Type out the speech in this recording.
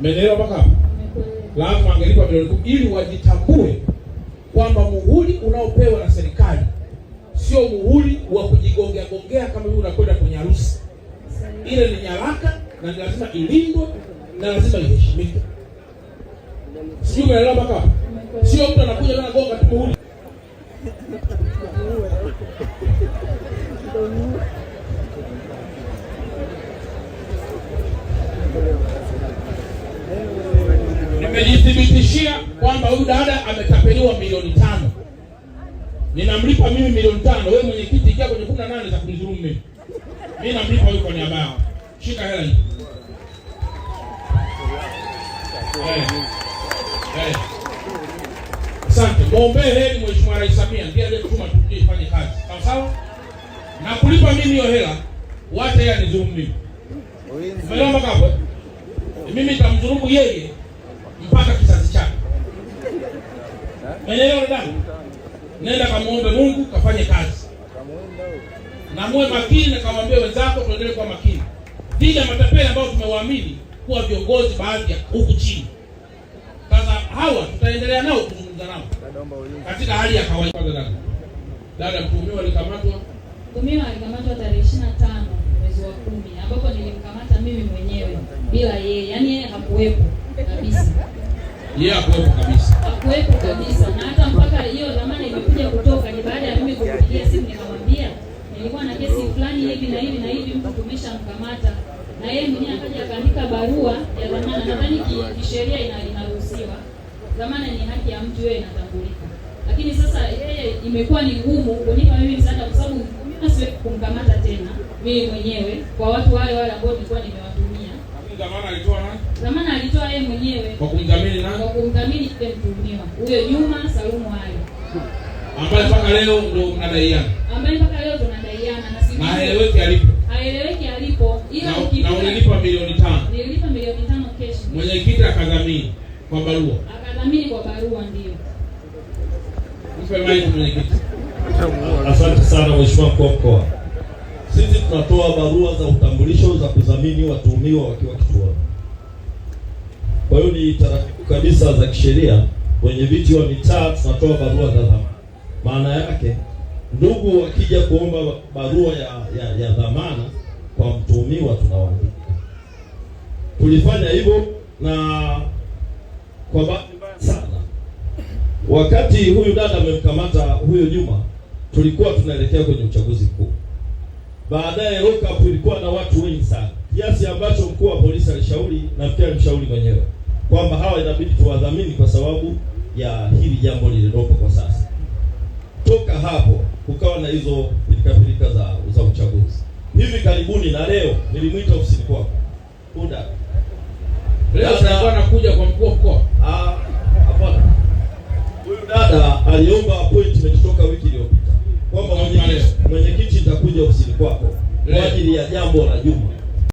menelewa mpaka hapo? Lazima angelipa milioni kumi ili wajitambue kwamba muhuri unaopewa na serikali sio muhuri wa kujigongea gongea kama hivi unakwenda kwenye harusi. Ile ni nyaraka na ni lazima ilindwe na lazima iheshimike. Sio umeelewa mpaka hapo? Sio mtu anakuja na gonga tu muhuri. amejithibitishia kwamba huyu dada ametapeliwa milioni tano. Ninamlipa mimi milioni tano, wewe mwenyekiti, ingia kwenye kumi na nane za kumdhulumu mimi. Mi namlipa huyu kwa niaba yao. Shika hela hii. Eh, eh. Asante. mwombee heri Mheshimiwa Rais Samia ndiye aliyetuma tukie ifanye kazi. sawasawa. sawa? Na kulipa mimi hiyo hela, wacha yeye anidhulumu mimi. Umeelewa hapo? Eh? Mimi nitamdhulumu yeye mpaka kizazi chako. Unaelewa dada? Nenda kamwombe Mungu, kafanye kazi na muwe makini, na kamwambie wenzako tuendelee kuwa makini dhidi ya matapeli ambao tumewaamini kuwa viongozi baadhi ya huku chini. Sasa hawa tutaendelea nao kuzungumza nao katika hali ya kawaida. Dada dada, mtuhumiwa alikamatwa, mtuhumiwa alikamatwa tarehe 25 mwezi wa 10 ambapo nilimkamata mimi mwenyewe bila yeye, yani yeye hakuwepo kabisa, yeye hakuwepo kabisa, hakuwepo kabisa. Na hata mpaka hiyo dhamana imekuja kutoka ni baada ya mimi kumpigia simu nikamwambia nilikuwa na kesi fulani hivi na hivi na hivi, mtu tumeshamkamata, na yeye mwenyewe akaja akaandika barua ya dhamana. Nadhani kisheria inaruhusiwa, dhamana ni haki ya mtu, yeye inatambulika, lakini sasa yeye imekuwa ni ngumu kunipa mimi msaada, kwa sababu siwezi kumkamata tena mimi mwenyewe kwa watu wale wale ambao nilikuwa nimewatumia. Dhamana alitoa na maana alitoa yeye mwenyewe kwa kumdhamini nani? Kwa kumdhamini yule mtuhumiwa huyo Juma Salumu Hayo, ambaye mpaka leo ndo mnadaiana, ambaye mpaka leo tunadaiana na sisi, haeleweki alipo, haeleweki alipo, ila ukipita na unalipa milioni 5. nilipa milioni 5 kesho. Mwenyekiti akadhamini kwa barua, akadhamini kwa barua, ndio mpe mic mwenyekiti. Asante sana mheshimiwa mkuu wa mkoa, sisi tunatoa barua za utambulisho za kudhamini watuhumiwa wakiwa kituoni kwa hiyo ni taratibu kabisa za kisheria, wenye viti wa mitaa tunatoa barua za dhamana. Maana yake ndugu wakija kuomba barua ya, ya, ya dhamana kwa mtuhumiwa tunawaandika. Tulifanya hivyo na kwa bahati mbaya sana, wakati huyu dada amemkamata huyo Juma, tulikuwa tunaelekea kwenye uchaguzi mkuu. Baadaye lockup ilikuwa na watu wengi sana kiasi ambacho mkuu wa polisi alishauri, nafikiri alimshauri mwenyewe kwamba hawa inabidi tuwadhamini kwa sababu ya hili jambo lililopo kwa sasa. Toka hapo kukawa na hizo pilikapilika za za uchaguzi. Hivi karibuni na leo nilimwita ofisini kwako. Kuda. Leo atakuwa anakuja kwa mkuu wa mkoa. Ah, hapana. Huyu dada aliomba appointment toka wiki iliyopita kwamba mwenyekiti mwenyekiti nitakuja ofisini kwako kwa ajili ya jambo la jumla.